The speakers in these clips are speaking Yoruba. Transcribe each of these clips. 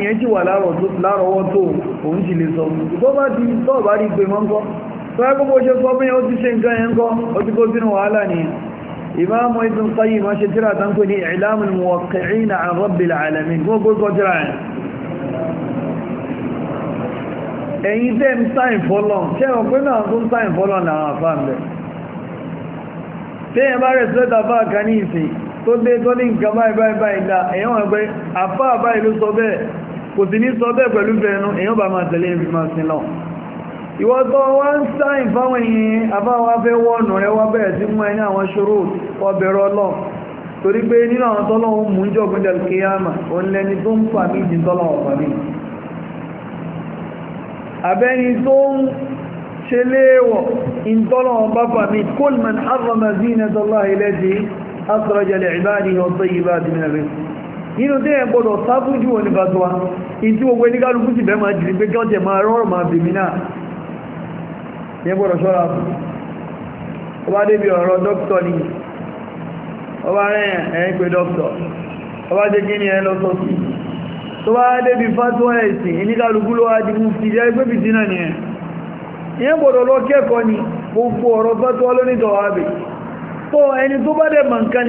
ìyẹn jì wà lárọ̀wọ́ tó òun jì lè sọ tó bá ti tọ́ bá rí pé mọ́ńkọ́ tó ẹ́ gbogbo ṣe sọ bíyàn ó ti ṣe nǹkan yẹn kọ́ ó ti kó sínú wàhálà ni ìmáàmù Ibn Qayyim ma ṣe tíra tán kò ní I'lamul Muwaqqi'ina 'an Rabbil 'Alamin gbogbo kọ́ tíra yẹn ẹ̀yin tẹ́ ń sáìn fọ́lọ́n kò sí ní sọ bẹ́ẹ̀ pẹ̀lú fẹ́ẹ̀nu èyàn bá máa tẹ̀lé ìfìmọ̀ sí lọ ìwọ́tọ́ wá ń sáìn fáwọn èèyàn àbáwá fẹ́ wọ́nù rẹ wá bẹ̀rẹ̀ sí mú ẹni àwọn ṣòro ọbẹ̀rọ lọ torí pé nínú àwọn tọ́lọ́hún mú jọ̀gbọ́n jẹ́ kíyàmà òun lẹni tó ń fà nínú tí ẹ̀ gbọ́dọ̀ sáfún jù wọn ní bàtọ́wà in tí gbogbo ẹnikálukú sì bẹ́ máa jìrì pé gọ́ọ̀tẹ̀ máa rọrùn máa bèmí náà yẹ gbọ́dọ̀ ṣọ́ra fún ọ débi ọ̀rọ̀ dókítọ̀ ni ọ bá rẹ̀ ẹ̀yìn pé dókítọ̀ ọ bá jẹ́ kíni ẹ lọ sọ sí tó bá débi fátúwà ẹ̀sìn ẹnikálukú ló wá di mú fi jẹ́ pé bìtì náà nìyẹn ni gbogbo ọ̀rọ̀ fátúwà lónìtọ̀ wá bè tó ẹni tó bá dẹ̀ mọ̀ nǹkan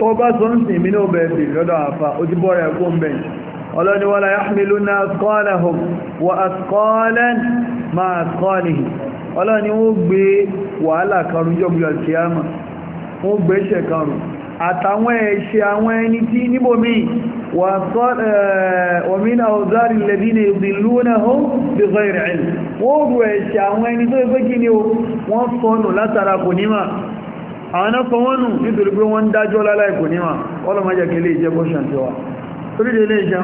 tó bá sọ ń sìn mí ní ọbẹ̀ sí lọ́dọ̀ àfà ó ti bọ́ra ẹ̀kọ́ ń bẹ̀yìn ọlọ́ni wọ́la yahmiluna asqalahum wa asqalan ma asqalihi ọlọ́ni wọ́n gbé wàhálà karùn jọ́gbìyà kìyàmà wọ́n gbé ṣẹ̀ karùn àtàwọn ẹ̀ṣẹ̀ àwọn náà fọwọ́n nù nítorí pé wọ́n ń dájọ́ láláì kò níwà ọlọ́mọjẹ́ kẹlẹ̀ ìjẹ́ bọ́ṣàn tí wà torí lè jẹ́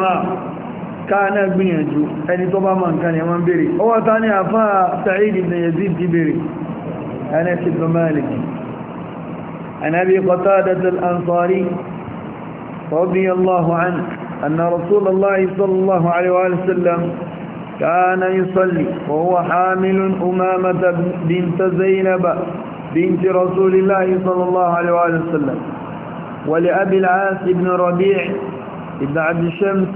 káà náà gbìyànjú ẹni tó bá ma nǹkan ni wọ́n bèèrè ọwọ́ ta ní àfá Sa'id ibn Yazid ti bèèrè Anas ibn Malik an Abi Qatadah al-Ansari radiyallahu anhu anna Rasulullah sallallahu alaihi wa sallam كان يصلي وهو حامل أمامة بنت زينب بنت رسول الله صلى الله عليه وسلم ولأبي العاص بن ربيع بن عبد الشمس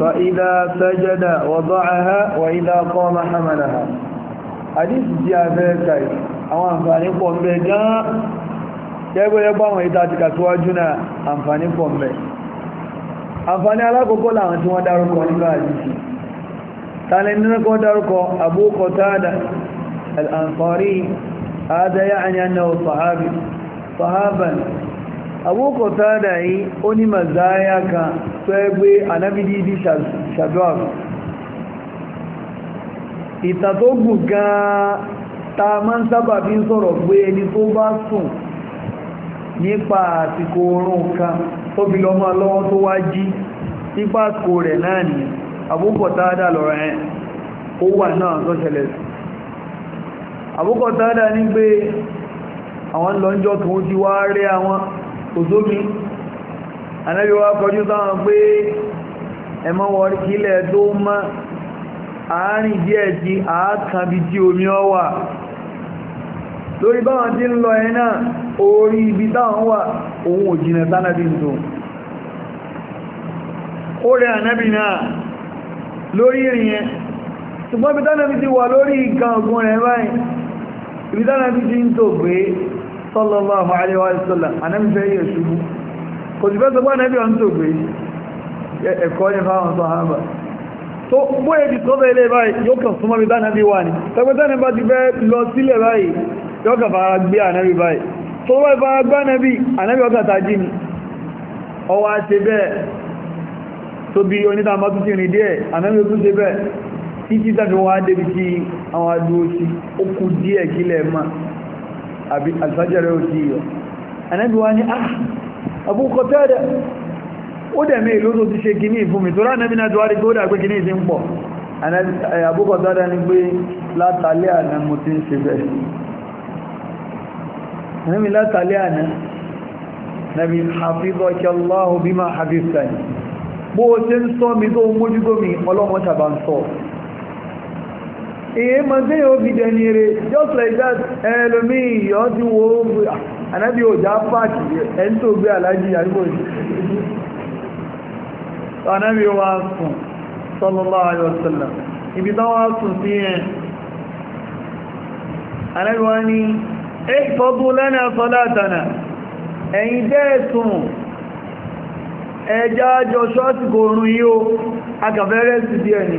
فإذا سجد وضعها وإذا قام حملها حديث جابيكي àwọn àǹfààní pọ̀ ń bẹ gan-an gẹ́gbẹ́rẹ́ bá wọn ìta àti kàtíwájú náà àǹfààní pọ̀ ń bẹ àǹfààní alákọ̀ọ́kọ́ làwọn tí wọ́n dárúkọ nígbà àdìsí tààlẹ̀ nínú kọ́ dárúkọ Abu Qatada al-Ansari هذا يعني أنه صحابي صحابا أبو قتادة أني مزاياك فأبي أنا بدي دي شدواب ìtàtógùn gan ta máa ń sábà bí nípa àsìkò oorun kan tó fi lọ́mọ lọ́wọ́ tó wá jí nípa àsìkò rẹ̀ náà ni Abu Qatada lọ́rọ̀ ẹ̀ ó wà náà tó ṣẹlẹ̀ àbúkọ̀ tààdà ní pé àwọn lọ́njọ́ kan ti wá rí àwọn òsómi anábí wá kọjú sáwọn pé ẹmọ́ wọrí kílẹ̀ tó mọ́ àárín díẹ̀ tí àákàbí tí omi ọ wà lórí báwọn tí ń lọ ẹ náà orí ibi táwọn wà ohun òjìnà tánàbí tó ó rẹ ànábì náà lórí ìrìn yẹn ṣùgbọ́n bí tánàbí ti wà lórí ìkan ọgbọ́n rẹ̀ báyìí ibi dára bí jí ń tó gbé sallallahu alaihi wa sallam anábì fẹ́ yẹ ṣubú kò sì fẹ́ sọ pé anábì ọ̀n tó gbé ẹ̀kọ́ ní fáwọn sàhábà tó bóyẹ ti sọ́dọ̀ ilé báyìí yóò kàn súnmọ́ bí dáná bí wà ní tẹgbẹ́tẹ́ni bá ti fẹ́ lọ sílẹ̀ báyìí yóò kàn fara gbé títí tàbí wọ́n á débi tí àwọn adúró sí ó kú díẹ̀ kílẹ̀ ma àbí alfajẹ́rẹ́ ò yọ anábi wá ní Abu Qatada ó dẹ̀mí ìlú tó ti ṣe kìíní fún mi tó rá anábi náà tó wá rí tó dà pé kìíní sí ń pọ̀ Abu Qatada ní pé látàlẹ́ àná mo ti ń ṣe bẹ́ẹ̀ bima hafiztani bó o ṣe ń sọ èyí ma dé yóò fi jẹ ní eré just like that ẹlòmí ìyọ́ ti wo ah, ànábì òjá pààkì ẹni tó gbé aláàjì àríwò yìí ànábì wa sùn sallallahu alaihi wasallam ibi tán wá sùn sí ẹ̀ ànábì wa ní ihfazu lana salatana ẹ̀yin dẹ́ẹ̀sùn ẹjá jọ ṣọ́ọ̀tì kò rùn yí o agàfẹ́rẹ́ sí díẹ̀ ni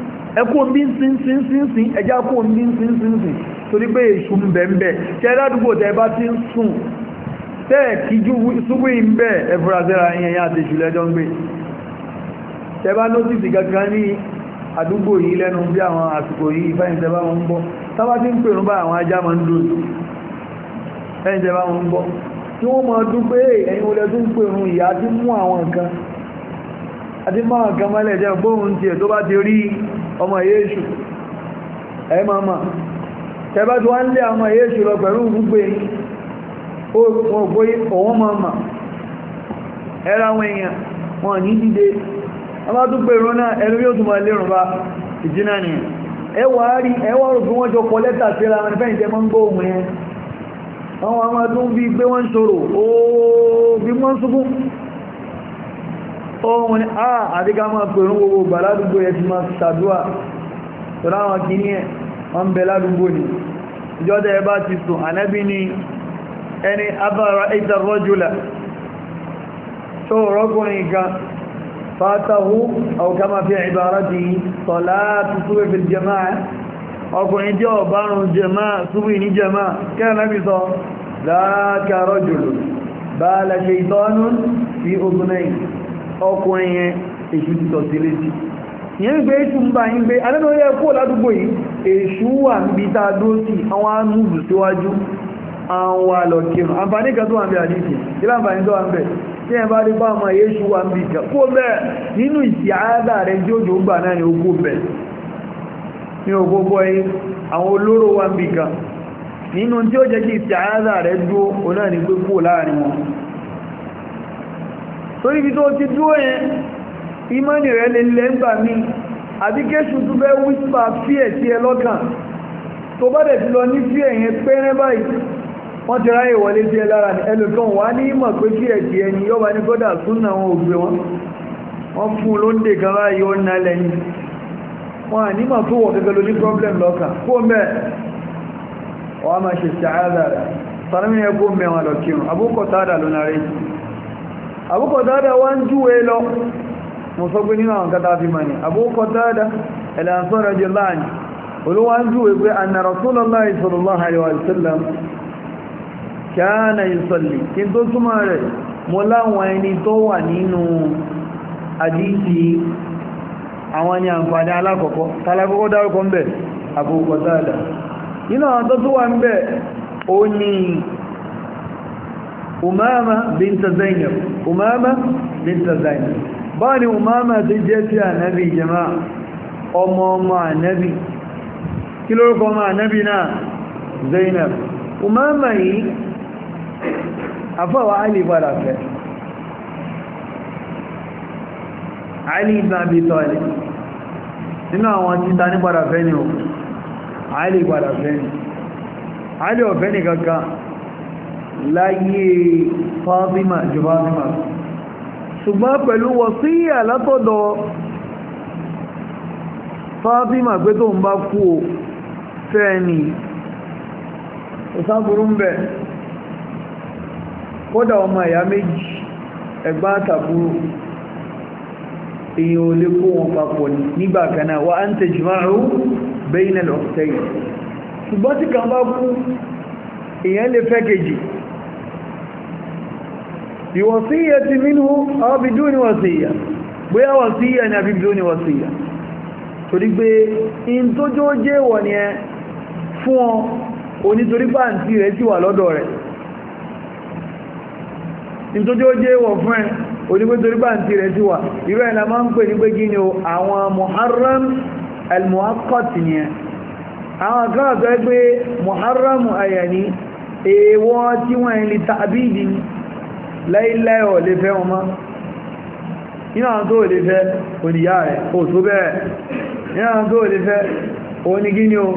ẹkú omi sínsínsínsín ẹjá kú omi sínsínsín torí pé èṣù ń bẹ̀ ń bẹ̀ tí ẹ ládùúgbò tẹ bá ti ń sùn tẹ́ ẹ̀ kí jú súnwé ń bẹ̀ ẹfúrazẹ́ra yẹn yá àti ìṣúlẹ̀ ẹjọ́ ń gbé tẹ bá nótìsì kankan ní àdúgbò yìí lẹ́nu bí àwọn àsìkò yìí ìfẹ́yìn tẹ bá wọn ń bọ̀ tábà ti ń pèrún bá àwọn tí wọ́n máa dúpé ẹ̀yìn olè tó ń pèrún ìyá ti mú àwọn nǹkan àti máa nǹkan mọ́lẹ̀ jẹ́ gbóhun tiẹ̀ tó bá ti rí ọmọ yéṣù ẹ mọ́mọ́ tẹ́bá tí wọ́n lé ọmọ yéṣù lọ pẹ̀lú gbogbo òun mọ́mọ́ ẹ̀rọ àwọn èèyàn wọn ní dìde ọmọ tó pè rán náà ẹ̀rọ yóò tún máa lérùn bá ìjìnà ni ẹwà rí ẹwà rò bí wọ́n jọ kọ lẹ́tà síra wọn fẹ́yìn tẹ́ máa ń gbọ́ òun yẹn àwọn ọmọ tó ń bí gbé wọ́n ṣòro ooo bí wọ́n ṣubú ohun ni a ah, àti ká máa pẹ̀rún gbogbo gbà ládùúgbò ẹ ti máa ṣàdúà tó láwọn kì ní ẹ̀ wọ́n bẹ ládùúgbò ni ìjọ́dá ẹ bá ti sùn ànábì ni ẹni abára ìtàrọ́jùlá tó rọ́kùnrin kan fátáhù àwọ̀kámá fi ìbára ti tọ́lá tuntun fi jẹmáà ọkùnrin bá lẹ́ṣẹ̀ ìtọ́nù fi ogunai ọkụ ihe èṣù ti létí ìyẹn gbé esu mba bá yín gbé ya kó ládùúgbò yìí esu wà a dúró sí àwọn amúlù síwájú àwọn àlọ́kìrùn àǹfààní kan tó wà ń bẹ ilé àǹfààní tó wà ń tí ẹ bá bá ọmọ kó nínú ìsì rẹ gbà náà ni ó kó ní yìí àwọn olóró nínú tí ó kí ìsì rẹ torí ibi tó ti dúró yẹn ìmọ̀nì rẹ̀ lè lẹ́ ń àbí kéṣù tó fẹ́ wípà fíẹ̀ sí ẹ lọ ní fíẹ̀ yẹn pẹ́rẹ́ báyìí wọ́n ti ráyè wọlé sí ẹ lára ní ẹlòkan wà ní ìmọ̀ pé kí ẹ̀jì ẹni yọ́ba ní wọn ò wọn wọ́n fún un kan ó ná lẹ́yìn wọn ànímọ̀ tó wọ̀ gẹ́gẹ́ ló ní problem lọ́kàn á máa ṣe kó lọ kírun àbúkọ̀ sáádà Abu Qatada wá ń júwe lọ mo sọ pé nínú àwọn kátà fi mọ̀ ní Abu Qatada al-Ansari radiyallahu anhu olówá ń júwe pé anna Rasulullah sallallahu alaihi wa kana yusalli kí n tó túmọ̀ rẹ̀ mo láwọn ẹni tó wà nínú àdíjì àwọn ni àǹfààní alákọ̀ọ́kọ́ Abu Qatada nínú àwọn tó tó umama binta zainab umama binta zainab bani umama ti jẹ́ ti ànábì jama ọmọ ọmọ ànábì kí lórúkọ ọmọ ànábì náà zainab umama yìí afọ́wà alì padà fẹ́ alì ibn abi talib nínú àwọn títa ní padà ni o alì padà fẹ́ ni alì ọ̀fẹ́ ni kankan láyé fátímà jù fátímà ṣùgbọ́n pẹ̀lú wọ̀síyà látọ̀dọ̀ fátímà pé tó ń bá kú o fẹ́ẹ̀ni ìsáburú ń bẹ̀ kódà ọmọ ìyá méjì ẹ̀gbá àtàbúrú èyàn ò lè kó wọn papọ̀ nígbà kanáà wà á ń tẹ̀jùmáàrú bẹ́yìn ẹ̀lọ́tẹ̀yìn ṣùgbọ́n tí kan bá kú èyàn lè fẹ́ kejì bí wasiyyati minhu aw biduni wasiyya bóyá wasiyya ni àbí biduni wasiyya torí pé in tó jó jẹ́ wọ̀ ni ẹ fún ọ onítorí pàǹtí rẹ̀ ti wà lọ́dọ̀ rẹ̀ in tó jó jẹ́ wọ̀ fún ẹ onígbé torí pàǹtí rẹ̀ ti wà irú ẹ̀lá máa ń pè ní pé kí o àwọn muharram al-muaqqat ni ẹ àwọn kan àtọ́ muharram ayani èèwọ̀ tí wọ́n ẹni tàbí ìdí láíláí ò lè fẹ́ wọn nínú àwọn tó lè fẹ́ oníyá rẹ̀ kò tó bẹ́ẹ̀ nínú àwọn tó lè fẹ́ òní gíní o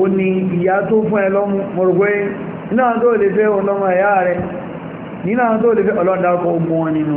òní ìyá tó fún ẹ lọ́mú nínú àwọn tó lè fẹ́ ọlọ́mọ ẹ̀yà rẹ̀ nínú tó lè fẹ́ ogun nínú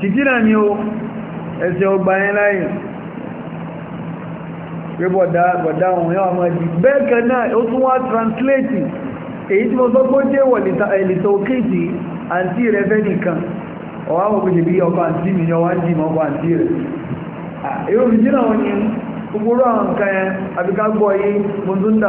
kìkìrà ni ó ẹsẹ̀ ọgbà yẹn láyé pé bọ̀dá bọ̀dá ohun yọ́ ẹ̀dì bẹ́ẹ̀kẹ́ náà ó tún wá translate èyí tí mo sọ pé ó jẹ́ wọ̀lìta ẹ̀lìta òkèèjì àǹtí rẹ̀ fẹ́ nìkan ọwá òkèèjì bí ọkọ̀ àti mi ni ọwá ọkọ̀ rẹ̀ wọn ni gbogbo àwọn nǹkan mo tún dà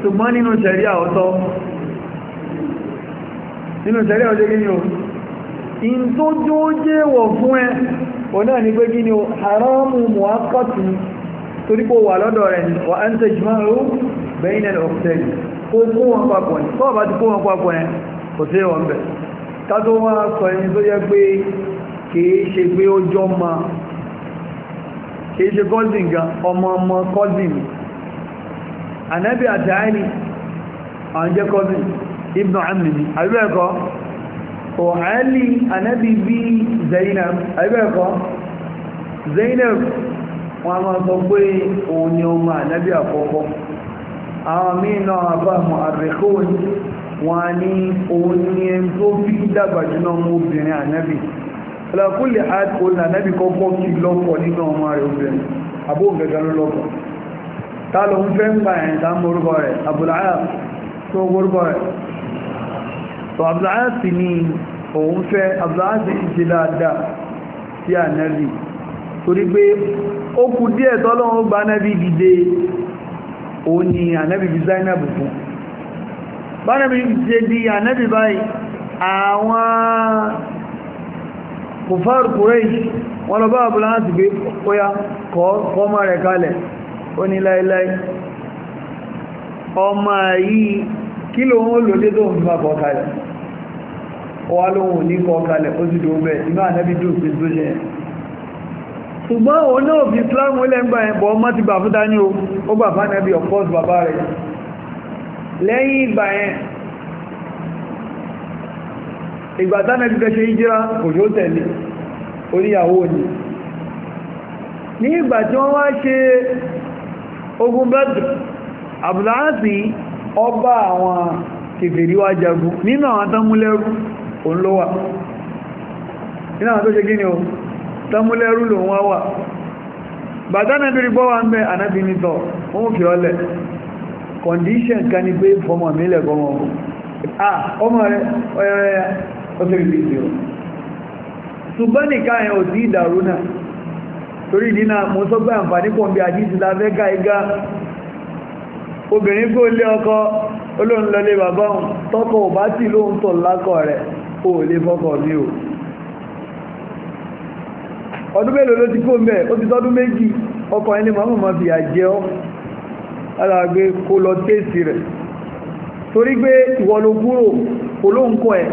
ṣùgbọ́n nínú ṣẹ̀rí àwọ́tọ́ nínú ṣẹ̀rí àwọ́tọ́ gíní o in tó jó jẹ́ wọ̀ fún ẹ o náà ní pé gíní o haramu muakọ́tù torí kó wà lọ́dọ̀ rẹ̀ wà án tẹ́ jùmọ́rú bẹ́yìn ẹ̀lẹ́ ọ̀pẹ́lì kó ànábì àti àìní àjẹ́ kọ́sí ibn amini àbẹ́ẹ̀kọ́ o àìlì ànábì bí zainab àbẹ́ẹ̀kọ́ zainab wọn máa sọ pé òun ni ọmọ ànábì àkọ́kọ́ àwọn mìíràn àbáhùn àrẹ́kọ́n wọn ni òun ni ẹn tó fi dàgbà jùlọ mú obìnrin ànábì ọlọ́kùnlé àti òun ànábì kọ́kọ́ kí lọ́pọ̀ nínú ọmọ rẹ̀ obìnrin àbóhùn gẹ́gẹ́ lọ́pọ̀ ta ló ń fẹ́ ń gbà ẹ̀ ta mú orúkọ rẹ̀ abúláyà tó orúkọ rẹ̀ tó abúláyà sì ni òun fẹ́ abúláyà sì ń ṣe dáadáa sí ànẹ́bì torí pé ó kù díẹ̀ tọ́lọ́run gba ànẹ́bì dìde òun ni ànẹ́bì fi Zainab fún bánẹ́bì ṣe di ànẹ́bì rẹ̀ kalẹ̀ ó ní láíláí ọmọ yìí kí ló ń lòdé tó ń bá kọkalẹ̀ ọwá lóhun ní kọkalẹ̀ ó sì dó bẹ́ẹ̀ inú ànẹ́bí dùn sí tó ṣe ṣùgbọ́n òun náà fi Islam lẹ́gbà ẹ̀bọ̀ ọmọ ti bà fúta ní o bà of course bàbá rẹ̀ lẹ́yìn ìgbà yẹn ìgbà tánẹ́bí fẹ́ ṣe ìjírá kò yóò tẹ̀lé oníyàwó ni ní ìgbà tí wọ́n wá ṣe ogun Badr Abdulasi ọba àwọn kèfèrí wá jagun nínú àwọn tánmúlẹ́rú òun ló wà nínú àwọn tó ṣe gíní o tánmúlẹ́rú lòun wá wà bàtánà bí gbọ́ wà ń bẹ́ ànábì nítọ̀ oún fi ọlẹ̀ condition kan ní pé fọmọ mílẹ̀ fọmọ ọmọ rẹ̀ ọ̀rẹ́ ọ̀sẹ̀ ìlú ìdíò ṣùgbọ́n nìkan ẹ̀ ò sí torí nínà mọ́ sọ́gbà àǹfàní pọ̀ bí àjíjì láfẹ́ gáigá obìnrin kó lé ọkọ olóhun lọlé bàbá òun tọ́kọ̀ ò bá tí lóhun tọ̀ lákọ̀ rẹ̀ ó lè o ọdún ló ti kó ọkọ ẹni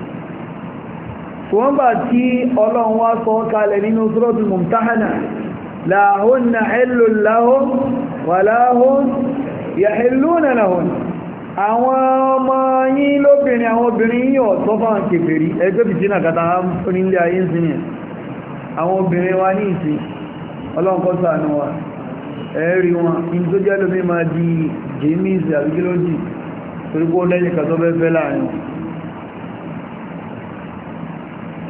ṣùgbọ́n bá tí ọlọ́run wá sọ kalẹ̀ nínú suratul mumtahana la hunna hillun lahum wa la hum yahilluna lahum àwọn ọmọ yín lóbìnrin àwọn obìnrin yíò tó fà ń kèfèrí ẹgbẹ́ bìí jìnà kàtà nílé ayé ní ìsìn ọlọ́nkọ́ sàánú wa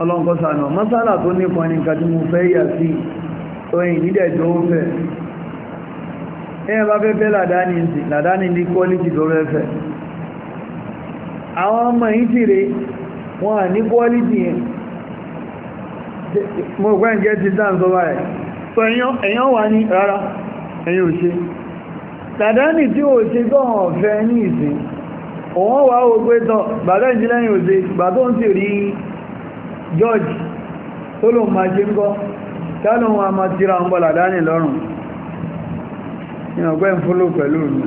ọlọ́nkọ́sànà mọ́sálà tó nípa ní nǹkan tí mo fẹ́ yà sí oyin nídẹ̀jọ́ ó fẹ́ ẹ̀yẹn bá fẹ́ fẹ́ làdáni ní quality tó fẹ́ fẹ́ àwọn ọmọ yìí ti rè wọ́n à ní quality yẹn mo gbẹ́ ǹjẹ́ ti dáhùn sọ báyẹ̀ so ẹ̀yàn wà ní rárá ẹ̀yìn ò ṣe làdáni tí ò ṣe gọ́hàn ọ̀fẹ́ ní ìsìn òun wà george tó lò máa ṣe ń gọ́ tẹ́lù wọn a máa tíra ń bọ́lá dání lọ́rùn ìràngbẹ́ fúnlò pẹ̀lú mi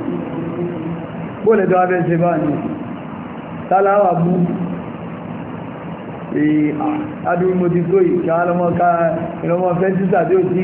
bóòlẹ̀ tó abẹ́ ṣe bá ní tàláwà bú adúrúmọ̀ ti tó yìí káàlọ́mọ́ká ìrọmọ́ fẹ́ títà tí ó ti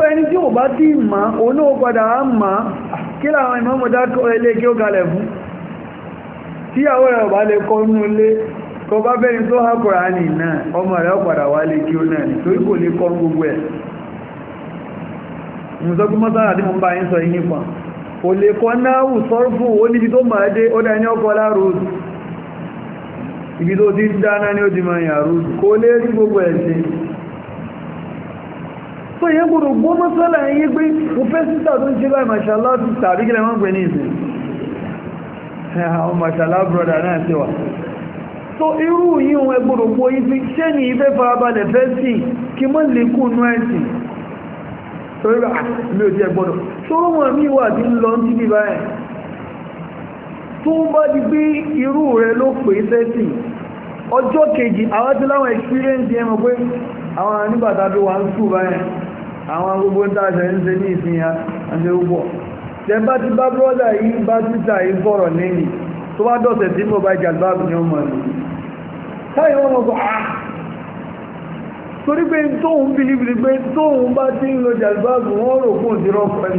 so ẹni tí ò bá tí ma òun náà á ma kí láwọn ìmọ́mọ̀ dákọ̀ ilé kí ó kalẹ̀ fún tí àwọ́ ẹ̀ bá lè kọ́ nú lé kọ bá bẹ́ni tó há Kùránì náà ọmọ rẹ̀ padà wá lè kí ó náà nítorí kò lè kọ́ gbogbo ẹ̀ mùsọ́gbọ́mọ́sára tí ibi so ihe gbọdọ gbọ́ eyi ẹ̀yìn pé mo sísà tó ń ṣe báyìí mashallah ti tàbí kílẹ̀ máa ń pè ní ìsìn àwọn mashallah so irú yìí ohun ẹgbọ́dọ̀ gbọ́ ibi fi ṣé ní farabalẹ̀ fẹ́ sí kí mọ́ lè kú nú ẹ̀sìn torí rà ah, mi ò ti wà lọ sí bí tó bá di pé irú rẹ ló pè é àwọn gbogbo ń tàṣẹ ń ṣe ní ìfihàn àti púpọ̀ tẹ bá ti bá brọ́dà yìí bá títà yìí fọ̀rọ̀ lẹ́yìn tó bá dọ̀sẹ̀ tí mo bá jàgbá ní ọmọ rẹ̀ táyì wọn mọ̀ ah! torí pé bilibili pé tóun bá ti ń lo jàgbá wọn rò fún ìdírọ́ rẹ̀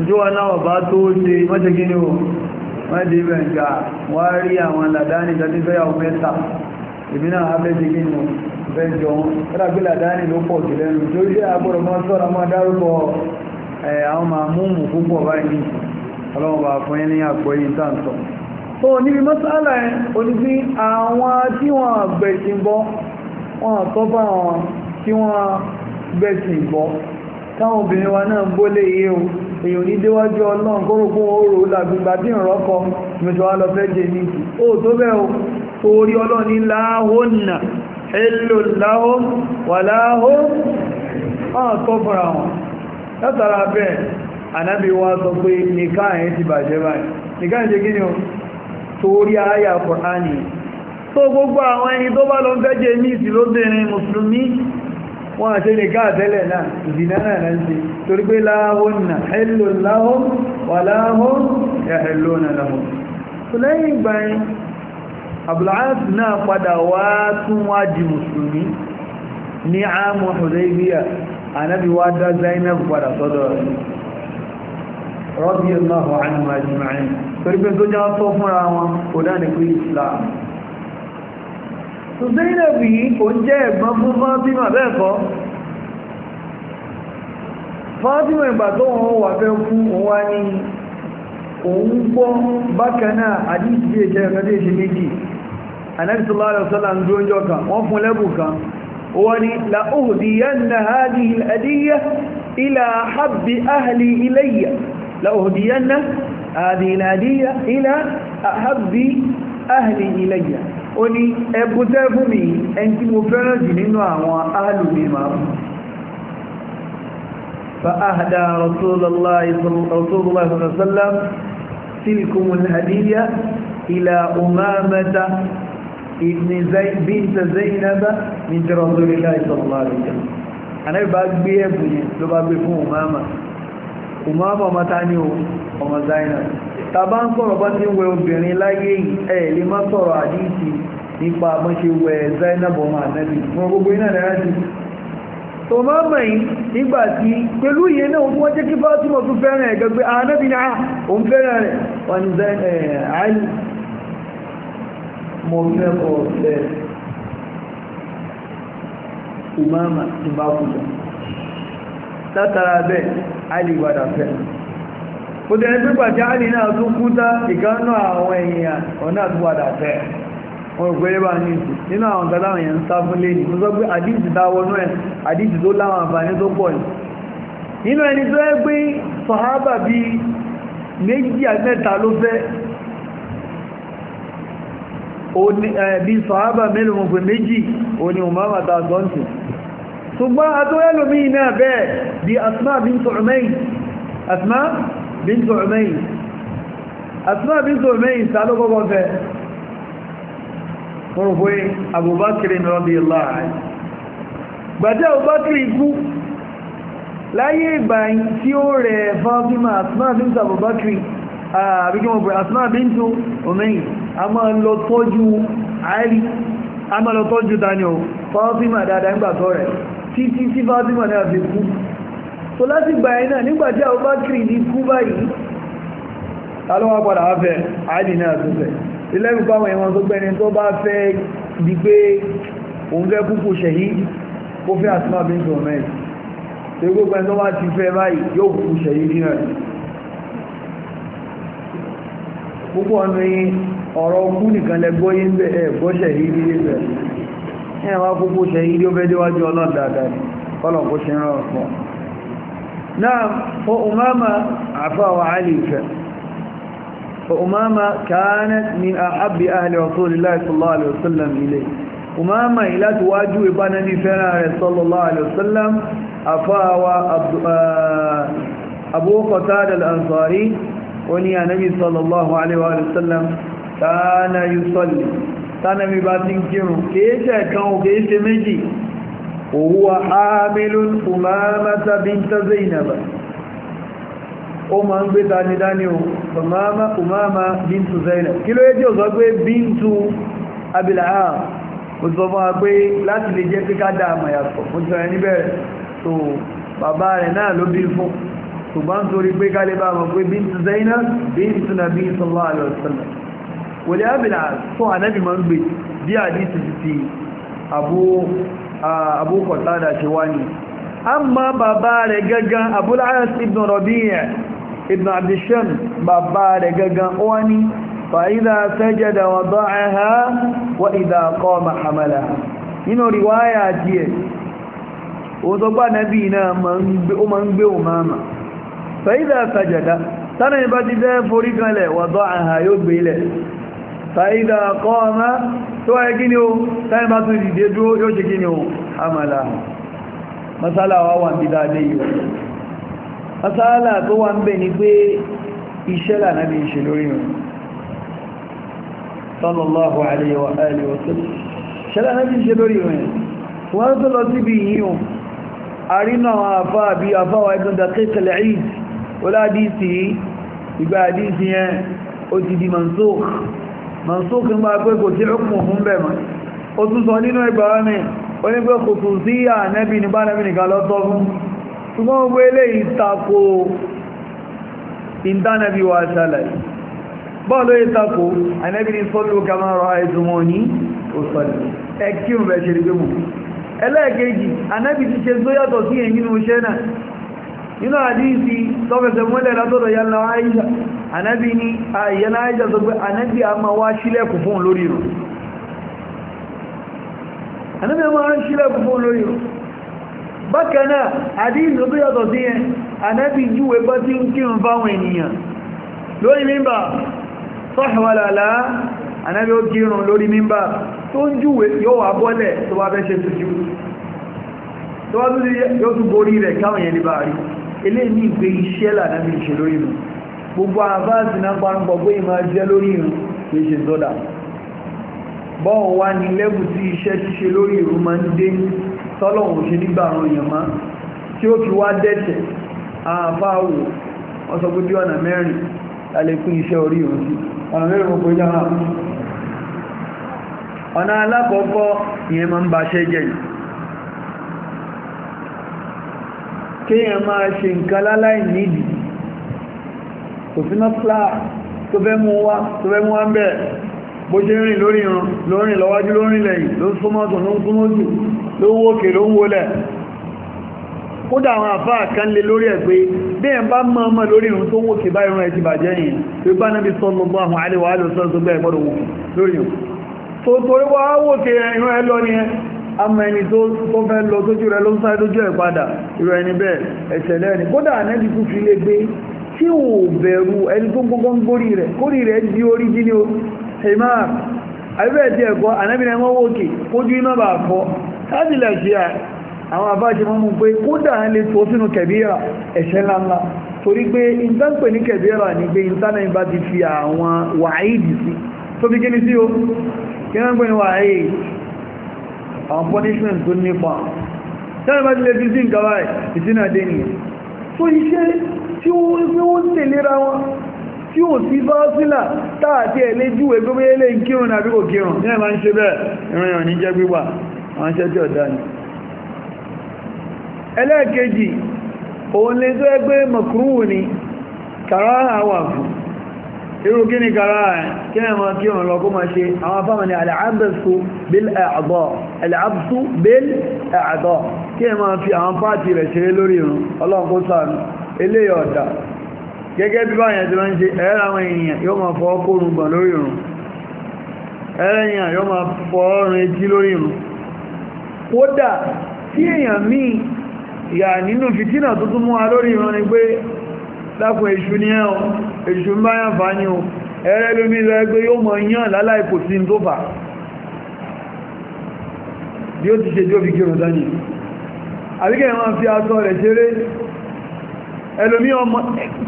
ìjọ́ aláwọ̀ bá tó ṣe mọ́ṣẹ́gí ni ó wọ́n dé ibẹ̀ ga wọ́n rí àwọn làdáni tàbí fẹ́yàwó mẹ́ta èmi náà abẹ́jẹ́ kí ni ó fẹ́ jọ wọn kọ́dà pé làdáni ló pọ̀ jù lẹ́nu tó ṣe agbọ́dọ̀ mọ́ sọ́ra mọ́ dárúkọ àwọn máa múmù púpọ̀ báyìí ọlọ́run bá fún yín ní àgbọ́yé táǹtọ̀ ó níbi mọ́sálà ẹ̀ oníbí àwọn tí wọ́n gbẹ̀sìn bọ́ wọ́n tọ́ bá wọn tí wọ́n táwọn obìnrin wa náà gbólé iye o èyàn ní déwájú ọlọ́run kórógún oòrò làgbìgbà tí ń rọ́kọ mẹ́tọ́ alọ́fẹ́ jẹ ní ó tó bẹ́ o torí ọlọ́run ní láhónà ẹlò láhó wà láhó ọ̀tọ́ fúnra wọn látara bẹ́ẹ̀ anábì wa sọ pé nìkan ẹ̀ ti bàjẹ́ wọ́n àti lè gáà tẹ́lẹ̀ náà ìdìnà náà náà ṣe torí pé láhún náà ẹlò láhún wà láhún ẹ̀ẹ̀lò náà láhún tó lẹ́yìn ìgbà yẹn abdullahi náà padà wá tún wá di mùsùlùmí ní àmọ́ Hudaybiya anábi wá dá Zainab padà sọ́dọ̀ rẹ̀ tó Zainab yìí kò jẹ́ ẹ̀gbọ́n fún Fatima bẹ́ẹ̀kọ́ Fatima ìgbà tó wọn wà fẹ́ fún òun wá ní òun gbọ́ bákan náà àdíjì ẹ̀ṣẹ́ ìrọ̀lẹ́ ìṣẹ́ méjì anẹ́bìsọ́lá àrẹ́sọ́lá ń dúró jọ kan wọ́n fún lẹ́bù kan wọ́n ni la'uhdiyanna hadhihi al-hadiyya ila habbi ahli ilayya la'uhdiyanna hadhihi al-hadiyya ila habbi ahli ilayya ó ní ẹbùn tẹ́fún mi ẹni tí mo fẹ́ràn jù nínú àwọn ahlu mi máa fún فأهدى رسول الله رسول الله صلى الله عليه وسلم تلكم الهدية إلى أمامة ابن زيد بنت زينب من رسول الله صلى الله عليه وسلم أنا بقى بيه بني لو بقى بيه أمامة أمامة متانيو ọmọ zainab tàbá ń sọ̀rọ̀ bá ti ń wẹ obìnrin láyé ẹ̀ lè má sọ̀rọ̀ àdíìsì nípa bọ́n ṣe wẹ zainab ọmọ ànábì wọn gbogbo iná náírà ti tó máa mọ̀ yìí nígbà tí pẹ̀lú ìyẹn náà wọ́n jẹ́ kí fásimọ̀ tún fẹ́ràn ẹ̀ gẹ́gbẹ́ ah, ànábì náà ah, òun fẹ́ràn rẹ̀ wọ́n ní àìlú mo fẹ́ kọ́ fẹ́ umama ti bá kú látara bẹ́ẹ̀ àìlú ìbàdàn fẹ́ràn kò tẹ́lẹ̀ pé pàtí àlì náà tún kúta ìkánú àwọn èèyàn ọ̀nà àtúwàdà tẹ́ wọn kò yẹ́ bá ní ìsì nínú àwọn kàtàwọn èèyàn ń sá fún lé ní mo sọ pé àdíjì dáwọnú ẹ̀ àdíjì tó láwọn àǹfààní tó pọ̀ ní nínú ẹni tó ẹ́ pé sọ̀hábà bí méjì àgbẹ́ta ló fẹ́ bí sọ̀hábà mélòó mo pè méjì òní Umama ta sọ́ǹtì ṣùgbọ́n atọ́yẹ́lòmí náà bẹ́ẹ̀ bí Asma bint Umayr Asma bíntù ọmẹ́yìn àtúnà bíntù ọmẹ́yìn tàà ló kọ́kọ́ fẹ́ mọ́rùn-ún abubakiri rọ́bí láàrín gbàtẹ́ abubakiri kú láyé ìgbà tí ó rẹ̀ fáfíma àtúnà bíntù abubakiri àbíkí wọn pẹ̀ àtúnà bíntù ọmẹ́yìn a máa lọ tọ́jú àárí a máa lọ tọ́jú daniel fáfíma dáadáa ń gbàtọ́ rẹ̀ títí tí fáfíma náà fi so láti gbà ẹ̀ náà nígbàtí àwọn bá kiri ní kú báyìí alọ́wà padà wá fẹ́ àádì náà tó fẹ́ ilẹ́bí pàwọn ẹ̀wọ̀n tó gbẹ́ni tó bá fẹ́ di pé òun fẹ́ kúkú ṣẹ̀yí kó fẹ́ àtúmà bí tó mẹ́ tó gbogbo ẹni tó bá ti fẹ́ báyìí yóò kúkú ṣẹ̀yí nínú ẹ̀ púpọ̀ ní ọ̀rọ̀ kú nìkan lẹ gbọ́ yín bẹ́ ẹ̀ gbọ́ ṣẹ̀yí nílé bẹ̀ ẹ̀ wá kúkú ọlọ́dàdà kọ́lọ̀ kó ṣe ń rán ọ̀pọ̀ نعم وأمامة عفا وعلي فأمامة كانت من أحب أهل رسول الله صلى الله عليه وسلم إليه أمامة إلى تواجه إبانا نفنا صلى الله عليه وسلم أفا وأبو قتال الأنصاري وني النبي صلى الله عليه وسلم كان يصلي كان مباتن كيرو كيسة كان وكيسة مجي وهو حامل أمامة بنت زينب أمان بداني دانيو أمامة أمامة بنت زينب كيلو يجي وزاقوي بنت أبي العام وزاقوي لا تلجي في كدام ياسو فنسواني بير تو bàbá rẹ̀ náà ló bí fún ṣùgbọ́n torí pé kálẹ̀ bá mọ̀ pé bí ti zainab bí i tún nàbí sallallahu alaihi wasallam wòlẹ́ àbìlà fún ànábì mọ́ ń gbé bí àdísì Abu Qatada ṣe wá ní amma bàbá rẹ̀ gangan Abul As ibn Rabi' ibn Abd Shams bàbá rẹ̀ gangan ó wá ní فإذا سجد وضعها وإذا قام حملها nínú ríwáyà díẹ̀ òun tó gbá nẹ́bí náà ó ma ń gbé o máa ma fẹ́ìdà sàjẹ̀dá tánà ìbá ti fẹ́ forí kanlẹ̀ wà bá àhà yóò gbé ilẹ̀ fẹ́ìdà tó wáyé kí ni ó táyé bá tún ìdè dúró yóò ṣe kí ni ó àmàlà masala wa wà bí dáadé yìí masala tó wà ń bẹ̀ ni pé iṣẹ́ lànà bí iṣẹ́ lórí rẹ̀ sallallahu alayhi wa alihi wa sallam lórí rẹ̀ mansukh ń bá pé kò sí hukmu fún bẹ́ẹ̀ mọ́ ó tún sọ nínú ẹgbàá mi ó ní pé kò tún sí ànẹ́bì ní bánẹ́bì nìkan lọ́tọ́ fún ṣùgbọ́n gbogbo eléyìí tako ìdánẹ́bì wa ṣàlàyé bọ́ọ̀lù ìtako ànẹ́bì ní sallu kama ra'aytumuni usalli ẹ kírun bẹ́ẹ̀ ṣe rí gbé mú ẹlẹ́ẹ̀kejì ànẹ́bì ti ṣe tó tọ́fẹsẹ̀ mọ́lẹ̀ látọ̀dọ̀ yàlá àìsà anábì ní àyẹ̀nà àìjà sọ pé anábì a máa wá sílẹ̀kùn fún lórí rò anábì a máa sílẹ̀kùn fún lórí rò bákanáà àdíìsì tó yàtọ̀ sí ẹ anábì júwe bá tí ń kírun fáwọn ènìyàn lórí mímbà sọ́hìwàlàlá anábì ó kírun lórí mímbà tó ń júwe yóò wà bọ́lẹ̀ tó wá fẹ́ ṣe tujú tó wá tún yóò tún borí rẹ̀ káwọn yẹn lè bá rí eléyìí ní ìgbé iṣẹ́ lànàbì ìṣẹ́ lórí mú gbogbo àbáàsì náà parúpọ̀ pé ìmọ̀ jẹ́ lórí ìrun kìí ṣe tọ́dà bọ́ọ̀ wá ní lẹ́bù tí iṣẹ́ ṣíṣe lórí ìrun máa ń dé tọ́lọ̀hùn ṣe nígbà àwọn èèyàn má tí ó fi wá dẹ̀tẹ̀ àfáàwò wọ́n sọ pé bí kò sí nọ́tílá tó fẹ́ mú wá tó fẹ́ mú wá ń bẹ̀ bó ṣe rìn lórí irun lórí lọ́wájú lórí lẹ́yìn ló súnmọ́tún ló ń súnmọ́tù ló ń wókè ló ń wólẹ̀ kódà àwọn àfáà kan lè lórí ẹ̀ pé bí ẹ̀ bá mọ́ ọmọ lórí irun tó wókè bá irun ni ẹ àmọ́ ẹni tó fẹ́ lọ sójú rẹ̀ ló ń sáré lójú ẹ̀ padà irun ẹni bẹ́ẹ̀ ẹ̀ṣẹ̀lẹ̀ ẹni kódà anẹ́bí fi lé gbé tí ò bẹ̀rù ẹni tó gbogbo ń górí rẹ̀ kórí rẹ̀ di orí jí ní o ṣèmá àbíbẹ̀ ti ẹ̀kọ́ ànábìnà ẹmọ́ wòkè kójú iná bà fọ́ láti lè ṣe àwọn àbáṣe mọ́ mú pé kódà ń lè tó sínú kẹ̀bíra ẹ̀ṣẹ̀ ńláńlá torí pé ìtànpẹ̀ ní kẹ̀bíra ní pé ìtànà ìbá ti fi àwọn wàáìdì sí tó fi kíní sí o fún iṣẹ́ tí ó tẹ̀lera wọn tí ò sí bá sílà táàtí ẹ̀ lé júwẹ́ gbogbo ilé kírùn àbí kò kírùn ní ẹ̀mà ń ṣe bẹ́ẹ̀ ìrìnrìn ní jẹ́ gbígbà àwọn iṣẹ́ tí ọ̀dá ni ẹlẹ́ẹ̀kejì òun lè tó ẹgbẹ́ mọ̀kúrúwù ni kàráhà irú kí ni kàrá ẹ̀ kí ẹ mọ́ kí wọ́n lọ kó máa ṣe àwọn afẹ́mọ̀ ni al'absu bil a'dha al'absu bil a'dha kí ẹ máa fi àwọn pàtì rẹ̀ ṣeré lórí ìrun ọlọ́run kó ṣàánú eléyìí ọ̀dà gẹ́gẹ́ bí lákùn èṣù ní ẹ̀hùn èṣù ń báyàn fà ní o ẹ̀rẹ́ lómi lọ ẹgbẹ́ yóò mọ̀ yàn láláì kò sí tó fà bí ó ti ṣe jó fi kírùn dání àríkẹ́ ìwọ̀n fi aṣọ rẹ̀ ṣeré ẹlòmí ọmọ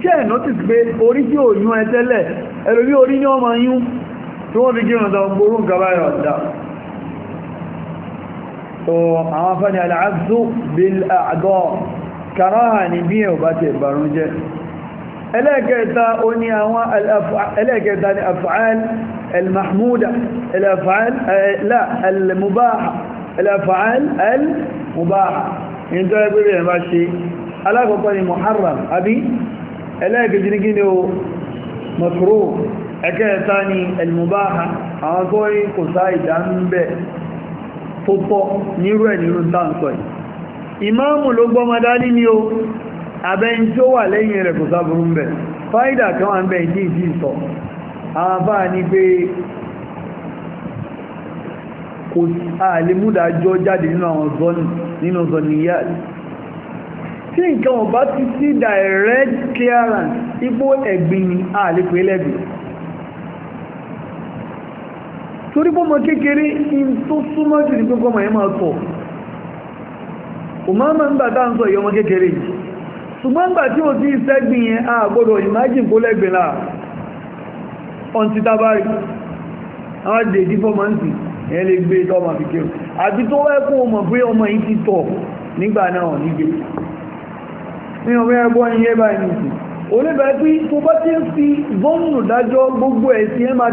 ṣẹ́ ẹ̀ nọ́tìsì pé orí tí ò yún ẹ tẹ́lẹ̀ ẹlòmí orí ní ọmọ àwọn afẹ́ni aláàzú bil àgọ́ kàráhà ní bí ẹ̀ ò ti ẹ̀bàrún jẹ́ ẹlẹ́ẹ̀kẹta ó ní àwọn ẹlẹ́ẹ̀kẹta ni af'al al-mahmuda al-af'al eh, la al-mubaha al-af'al al-mubaha in tó ẹgbẹ́ rẹ̀ bá ṣe alákọ̀ọ́kọ́ ni muharram àbí ẹlẹ́ẹ̀kẹjì ní gíní o makruh ẹ̀kẹta ni al-mubaha àwọn tó rí kò sá ìdá ń bẹ̀ abẹ́yìn tí ó wà lẹ́yìn rẹ̀ kò sáburú ń bẹ̀ kan wà ń bẹ̀ ní ìdí ìsọ̀ àwọn bá ní pé kò sí àlemúdájọ́ jáde nínú àwọn zọ́nì nínú zọ́nì yá tí nǹkan ti sí direct clearance ipò ẹ̀gbìn ni àlepẹ́ lẹ́bì torí bọ́mọ kékeré in tó súnmọ́ jù ní pé yẹn máa òmọ́ máa ń ṣùgbọ́n gbà tí ó ti sẹ́gbìn yẹn a gbọ́dọ̀ imagine kó lẹ́gbìn láà ọ̀n ti tábárì àwọn dè dí fọ́mọ̀ǹtì ẹ̀ lè gbé ọmọ fìkẹ́ àti tó wẹ́kún ọmọ pé ọmọ yìí ti tọ̀ nígbà náà nígbè ní ọmọ ẹgbọ́n iye báyìí nìsí oníbẹ̀ẹ́ pí tó bá ti ń fi zọ́nù dájọ́ gbogbo ẹ̀sìn ẹ máa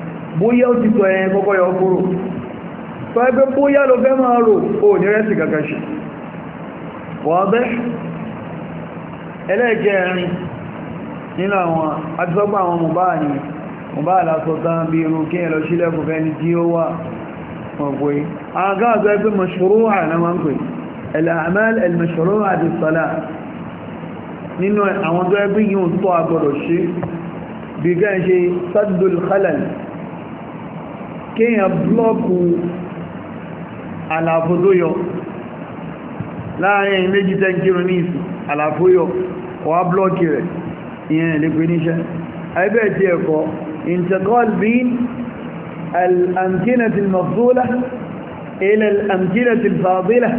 bóyá ó ti sọ ẹ̀ kọ́kọ́ yọ kúrò sọ ẹgbẹ́ bóyá ló fẹ́ máa rò ó ní rẹ́sì kankan ṣe wọ́n bẹ́ ẹlẹ́ẹ̀kẹ́rin nínú àwọn adúgbọ́gbọ́ àwọn mọ̀báà ni mọ̀báà lásọ bí irú kí ẹ lọ sílẹ̀kùn fẹ́ الأعمال المشروعة بالصلاة nínú àwọn tó ẹgbẹ́ yíò tó agbọ́dọ̀ ṣe bí gẹ́ ṣe saddul khalal kéèyàn blọ́ọ̀kù àlàfo tó yọ láàrin méjì tẹ́kìrún ní ìsìn àlàfo yọ wà blọ́ọ̀kì rẹ̀ ìyẹn lè pè níṣẹ́ ẹgbẹ́ ti ẹ̀kọ́ integral bin al'amkinatil mafzula ila al'amkinatil fadila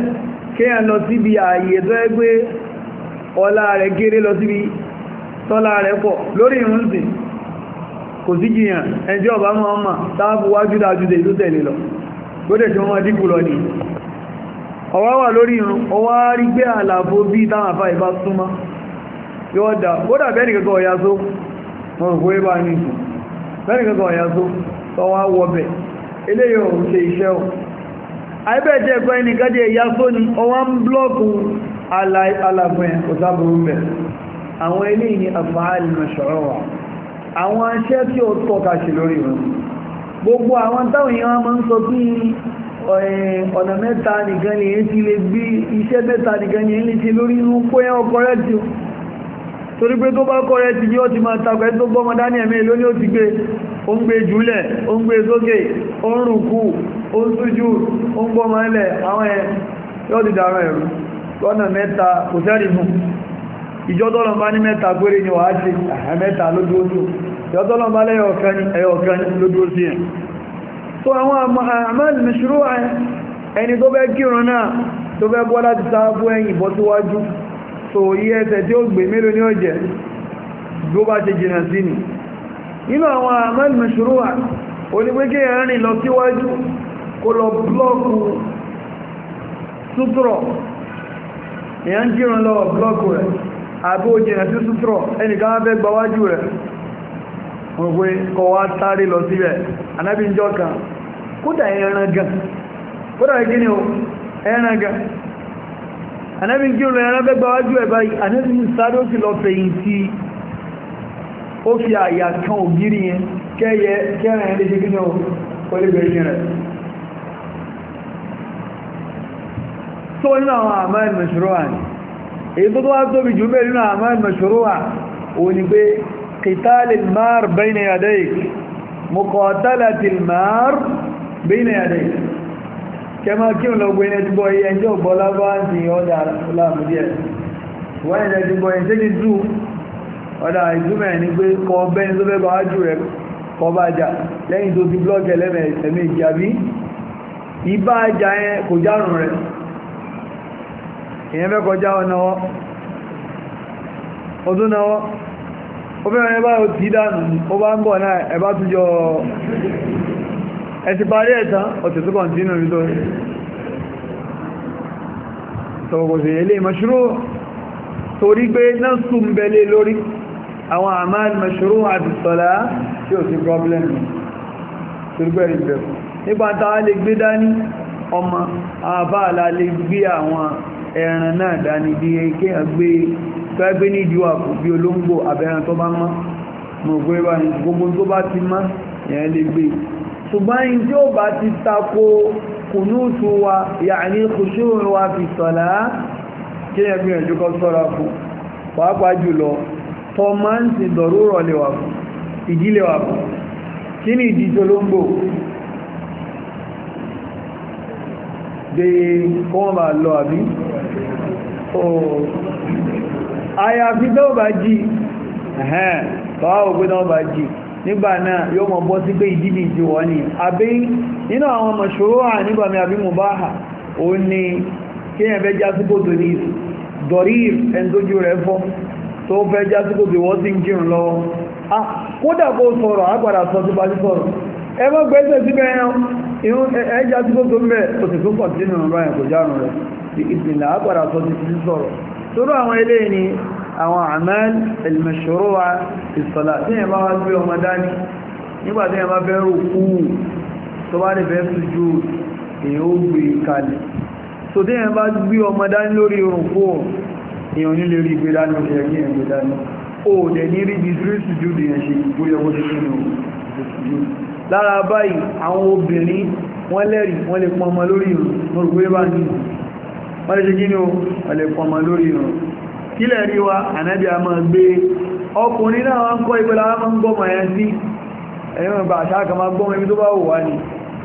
kéèyàn lọ síbi ààyè kò sí jìyàn ẹjọ́ ọba mọ́ ọmọ táàbù wájú dájúdé ìlú tẹ̀lé lọ gbọ́dẹ̀ tí wọ́n dínkù lọ ní ọwá wà lórí irun ọwá rí gbé àlàfo bí táwọn àfá ìbá súnmọ́ yóò dá gbọ́dà bẹ́ẹ̀ni kẹ́kọ̀ọ́ ọ̀yá só wọn kò bá só tọwá wọbẹ̀ eléyìí ò ṣe o àìbẹ̀ jẹ́ pé ẹnìkan jẹ́ ìyá só ni ọwá ń blọ́ọ̀kù àlàfo ẹ̀ kò sábùrú bẹ̀ àwọn eléyìí ni àfáà lè mọ̀ àwọn aṣẹ́ tí ó tọ́ka ṣe lórí wọn gbogbo àwọn táwọn èèyàn ma ń sọ bí ọ̀nà mẹ́ta nìkan ni èyí ti lè iṣẹ́ mẹ́ta nìkan ni èyí ti lórí inú kó yẹn ọkọ̀ rẹ̀ tí ó ti ma ti máa takọ̀ ẹ́ tó dání ẹ̀mí ló ní ó ti gbé ó ń gbé jùlẹ̀ ó ìjọ́tọ́lọ̀ bá ní mẹ́ta péré ni wà á ṣe àmẹ́ta lójúójú ìjọ́tọ́lọ̀ bá lẹ́yọ̀ ọ̀kan lójúójú yẹn so àwọn àmàlì mìṣúrú ẹni tó bẹ́ kírun náà tó bẹ́ bọ́ láti sáàbú ẹ̀yìn bọ́ síwájú so iye ẹsẹ̀ tí ó gbé mélòó ní lọ blọ́ọ̀kù sútúrọ̀ èyàn kírun lọ blọ́ọ̀kù rẹ̀ àbí ó jìnà sí sútúrọ̀ ẹnìkan wá fẹ́ gbáwájú rẹ̀ gbogbo kọ wá sáré lọ síbẹ̀ anábí jọ kan kódà ẹran gan kódà gíní o ẹran gan anábí gírò ẹran fẹ́ gbáwájú ẹ̀ báyìí anábí sáré ó sì lọ fẹ̀yìntì ó fi àyà kan ògiri yẹn kẹ́yẹ kẹ́rin ẹ̀ lè ṣe gíní o kọ́ lè bẹ̀rẹ̀ rẹ̀ tó nínú àwọn èyí tó tó wá tóbi jù mẹ́rin náà àmọ́ ìmọ̀ṣòro wà ó ní pé kìtàlì mar bẹ́ẹ̀nà yàdẹ́ mọ̀kọ̀tàlàtì mar bẹ́ẹ̀nà yàdẹ́ kẹma kí n lọ́gbọ́ iná ti bọ́ iye ẹjọ́ bọ́lá bá ń ti ọdá láàmúdíẹ̀ wọ́n ẹ̀jẹ̀ ti bọ́ iye ṣé kí tú ọdá ìtumẹ̀ ni èyàn fẹ́ kọjá ọ̀nàwọ́ ọdún náwọ́ ó fẹ́ràn ẹbá ò tí dànù ó bá ń bọ̀ náà ẹbá tún jọ ẹ̀sì parí ẹ̀tàn ọ̀tẹ̀ tó kàn tínú rí lórí tọ̀wọ̀kọ̀sẹ̀ ilé mọ̀ṣúrú torí pé náà sùn bẹ̀lẹ̀ lórí àwọn àmáàlì mọ̀ṣúrú àti sọ̀lá tí problem torípẹ̀rẹ̀ ìbẹ̀rẹ̀ nípa tàà lè gbé dání ọmọ àbáàlà lè gbé àwọn ẹran náà dání bí ike àgbé pẹ́gbé ní ìdíwà kò bí olóńgbò abẹ́ran tó bá mọ́ mọ̀ gbé bá ní gbogbo tó bá ti mọ́ ìyẹn lè gbé ṣùgbọ́n tí ó bá ti tako kùnúùtù wa yàní kùsùrù wa fi sọ̀lá kí ẹ gbìyànjú kọ́ sọ́ra fún pàápàá jùlọ tọ́mọ́ ń sì dọ̀rú rọ̀ lè dé wọ́n lọ àbí àyàfi tó bá jí ẹ̀hẹ́n tọ́wà ògbé náà bá jí nígbà náà yóò mọ̀ bọ́ sí pé ìdíbi ìjì wọ́n ni àbí nínú àwọn mọ̀ṣòro à nígbà mi àbí mùbáhà ó ní kí ẹ̀fẹ́ já sí kòtò ní dọ̀rí ẹ̀ndójú rẹ̀ fọ́ tó fẹ́ já sí kòtò wọ́n sí ń jírùn lọ́wọ́ ah, kódà kó sọ̀rọ̀ sọ sí sọ̀rọ̀ gbẹ́sẹ̀ síbẹ̀ ẹran ẹjá tí ó tó mẹ́ òsì tó pọ̀ sínú ryan kò járùn rẹ̀ di ìpìnlẹ̀ àpàdà sọ ti ti sọ̀rọ̀ sọ́rọ̀ àwọn ilé ni àwọn àmẹ́l ẹ̀lmẹ̀ṣọ́rọ̀wà ìsọ̀lá tí ẹ̀ máa gbé ọmọ dání nígbà tí ẹ̀ máa fẹ́ rò kú tó bá lè fẹ́ sùjú èyàn ó gbé e kalẹ̀ lára báyìí àwọn obìnrin wọ́n lẹ́rìí wọ́n lè pọn ọmọ lórí ìrùn lórúgbé bá ní wọ́n lè ṣe gíní wọ́n lè pọn ọmọ lórí ìrùn kílẹ̀ rí wa ànábì a máa gbé ọkùnrin náà wọ́n kọ́ ìpẹ́lá wọ́n ń gbọ́mọ̀ ẹ̀ sí ẹ̀yìn bá àṣákà máa gbọ́mọ̀ ibi tó bá wù wá ní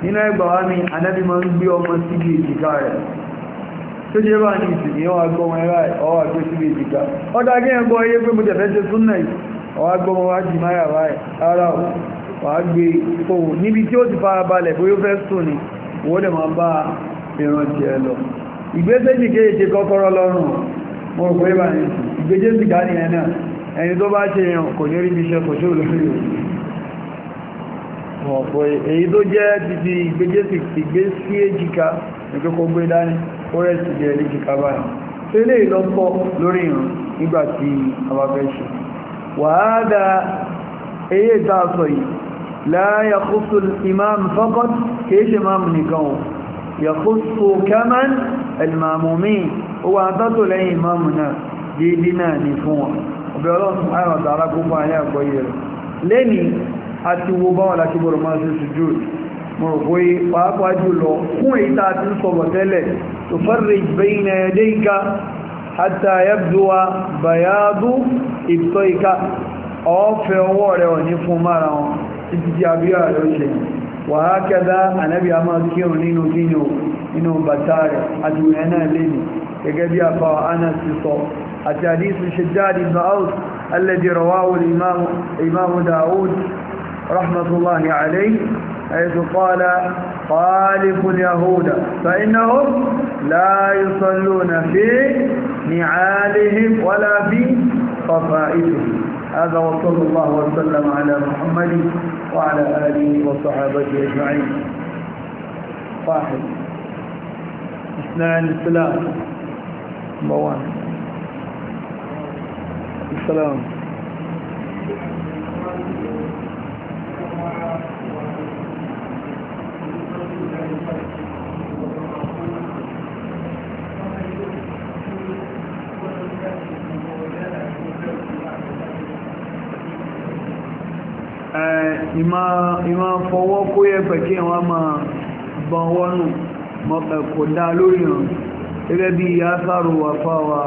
nínú ẹgbà wá ní ànábì máa ń gbé ọmọ síbi èjìká rẹ̀ tó wàá gbé ohun níbi tí ó ti fara balẹ̀ bóyá ó fẹ́ sùn ni wọ́n dẹ̀ máa bá ìrántí ẹ lọ ìgbésẹ̀ sì kéè ṣe kọ́kọ́rọ́ lọ́rùn mo rò pé bàní ìgbésẹ̀ sì ká nìyẹn náà ẹni tó bá ṣe yàn kò ní rí bí iṣẹ́ kò ṣó lórí ọ̀pọ̀ èyí tó jẹ́ títí ìgbésí èjìká ẹgbẹ́ kó gbé dání ó rẹ̀ sì jẹ́ èjìká báyìí tó ilé ìlọ́pọ̀ lórí ìta sọ yìí لا يخص الإمام فقط كيش إمام نكون يخص كمان المامومين هو أعطته لأي إمامنا ديننا نفوع وبالله سبحانه وتعالى كفا يا كوير لني أتوبة ولا كبر ما في سجود مرغوي وأقوى جلو كون إتاة صبتلة تفرج بين يديك حتى يبدو بياض إبطيك أو في أوره ونفو مره تتجابيا لوشي وهكذا أنا بي أما ذكيه نينو كينو إنو بطار أدوينا ليني يقبيا فو أنا سيطو التحديث الشجاد بن أوس الذي رواه الإمام إمام داود رحمة الله عليه حيث قال طالق اليهود فإنهم لا يصلون في نعالهم ولا في قفائدهم هذا وصلى الله وسلم على محمد وعلى آله وصحابته أجمعين واحد اثنان ثلاثة موان السلام ìmá fọwọ́ kó yẹ pẹ̀kí àwọn máa bọ̀ wọ́nù kò dá lórí hàn gẹ́gẹ́ bí yásáàrù wà fáwà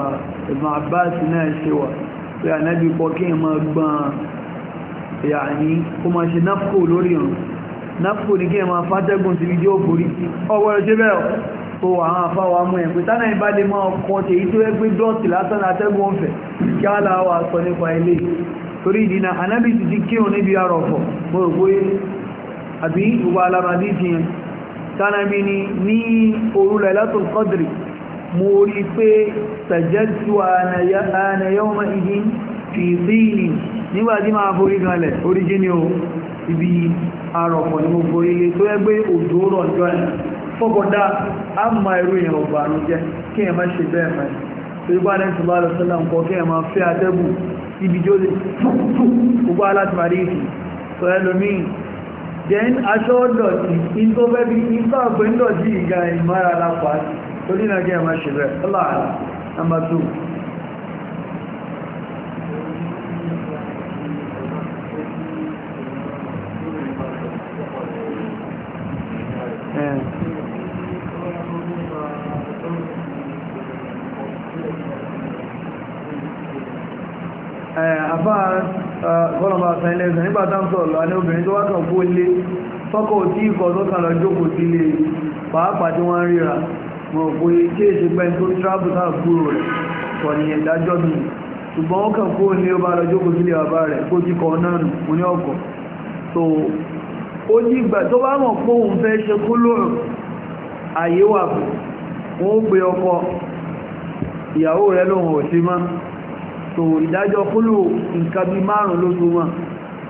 Ibn Abbas náà ṣe wà pé ànábì pọ̀ kí ẹ máa gbọ́n yàní kó máa ṣe náfkò lórí hàn náfkò ní kí ẹ máa fátẹ́gùn sí ìjọ òbórí ọwọ́ rẹ̀ ṣe bẹ́ẹ̀ tó àwọn afáwà mú ẹ̀ pé tánà ìbá lè máa kọ́ tèyí tó ẹgbẹ́ dọ́ọ̀tì látàn àtẹ́gùn ọ̀fẹ́ kí á láwà sọ nípa ilé torí ìdínà anábì ti ti kírùn níbi àrọ̀fọ̀ mọ́rùgbóyé àbí gbogbo alamadi ti yẹn tánàbí ni ní orúlẹ̀ látún kọ́dìrì mo rí pé sàjẹ́tù ànàyọ́mà ìdí fi síìlì nígbàtí máa forí ganlẹ̀ orí jí ni o ibi àrọ̀fọ̀ ni mo forí lé tó ẹgbẹ́ òjò síbi jóde gbogbo alátìmàrí ìfì sọ ẹlòmí then aṣọ ọ̀dọ̀tí in tó fẹ́ bí ipá ọ̀pẹ́ ń dọ̀tí ìgbà ìmára lápá torí náà ọlá àlá fọ́nàmà àfẹ́lẹ́ ẹ̀sẹ̀ nígbà tá ń sọ̀rọ̀ lọ ní obìnrin tó wá kàn kó lé tọ́kọ̀ tí ikọ̀ tó kàn lọ jókòó sí ilé pàápàá tí wọ́n ríra mọ̀ pé tí èsì pẹ́ tó tíráàbù sáà kúrò rẹ̀ kọ̀ ní ìdájọ́ mi ṣùgbọ́n ó kàn kó ní ó bá lọ jókòó sí ilé bàbá rẹ̀ kó ti kọ̀ náà nù mo ní ọkọ̀ so ó ní ìgbà tó bá mọ̀ pé òun fẹ́ ṣe kó lóòrùn àyè wà fún ó pe ọkọ ìyàwó rẹ̀ lòun ò sí mọ́ so ìdájọ́ kúlù nǹkan bí márùn lóṣù wọn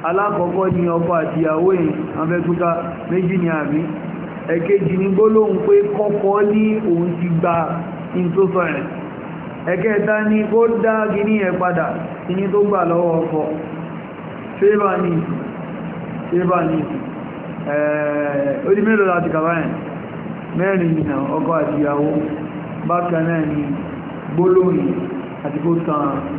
alákọ̀ọ́kọ́ ni ọkọ àti ìyàwó yìí abẹ́kúta méjì ni àbí ẹ̀kejì ni gbólóhùn pé kọ́kọ́ ní òun ti gba ìtòsọ rẹ̀ ẹ̀kẹta ni kó dá gíní ẹ̀ padà ìní tó gbà lọ́wọ́ ọkọ fẹ́bà ní fẹ́bà ní orí mélòó láti kàbáyẹ̀ mẹ́rin nìna ọkọ àti ìyàwó bákan náà ni gbólóhùn àti kó tàn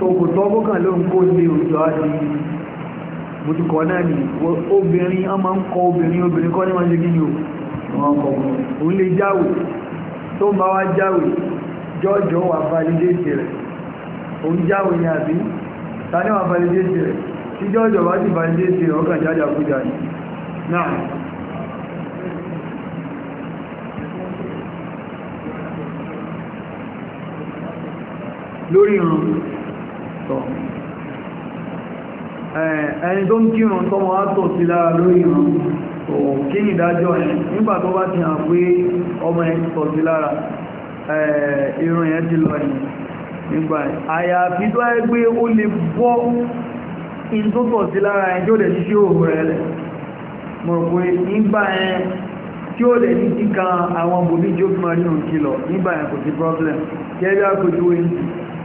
ṣòkòtọ́ bókàn ló ń kó lé òjò àti bùtùkọ́ náà ni obìnrin a máa ń kọ obìnrin obìnrin kọ́ ní wọ́n ṣe gíní wọn lè jáwé tó ń bá wá jáwé jọ́jọ́ wà validate rẹ̀ òun jáwé ni àbí ta ní wà validate rẹ̀ tí jọ́jọ́ bá rẹ̀ ọkàn ni náà lórí ìrùn tọ́ ẹni tó ń kírun tọ́mọ á tọ̀ sí lára lórí ìrun tó kí ní ìdájọ́ ẹ̀ nígbà tó bá ti hàn pé ọmọ ẹ̀ tọ̀ sí lára ìrun yẹn ti lọ ẹ̀ nígbà ẹ̀ àyàfi tó ẹ́ pé ó lè bọ́ in tó tọ̀ sí lára ẹ̀ tí ó lè ṣíṣe òhù rẹ̀ lẹ̀ mọ̀ pé nígbà ẹ̀ tí ó lè ní kíkan àwọn bòmí jókòó marí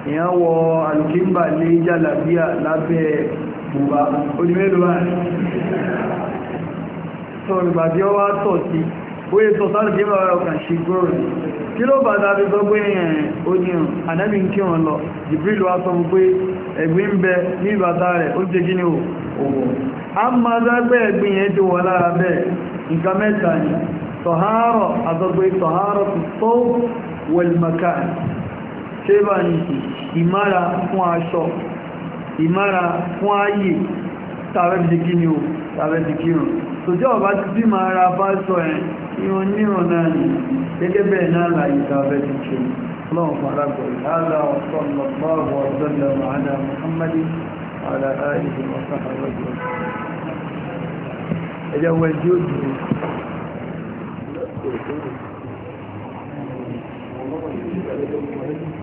èyàn wọ alùkímbà ní jàlàbíà lábẹ́ bùbá onímẹ́lúwà sọ̀rọ̀gbà tí ó wá tọ̀ sí oye tọ̀ sálùkímbà ọkàn sí gbọ́rọ̀ kí ló bá dábí sọ pé ẹ̀yìn oníhàn ànábì ń kí wọn lọ Jibril wá sọ pé ẹ̀gbin ń bẹ ní ìbàtà rẹ̀ ó jẹ́ gíní òwò a máa dágbẹ́ ẹ̀gbin yẹn ti wọ lára bẹ́ẹ̀ nǹkan mẹ́ta ni tọ̀hárọ̀ àtọ́gbé tọ̀hárọ̀ tó wọlmaka ṣébà ní ìmára fún aṣọ ìmára fún ayé tàbẹ́bìdì kí ni ó tàbẹ́bìdì kírùn tó jẹ́ ọ̀bá ti bí máa ra bá sọ ẹ̀ ìwọ̀n níwọ̀n náà ni gẹ́gẹ́ bẹ́ẹ̀ náà láyé tàbẹ́bìdì kírùn اللهم صل على وصلى الله Thank you.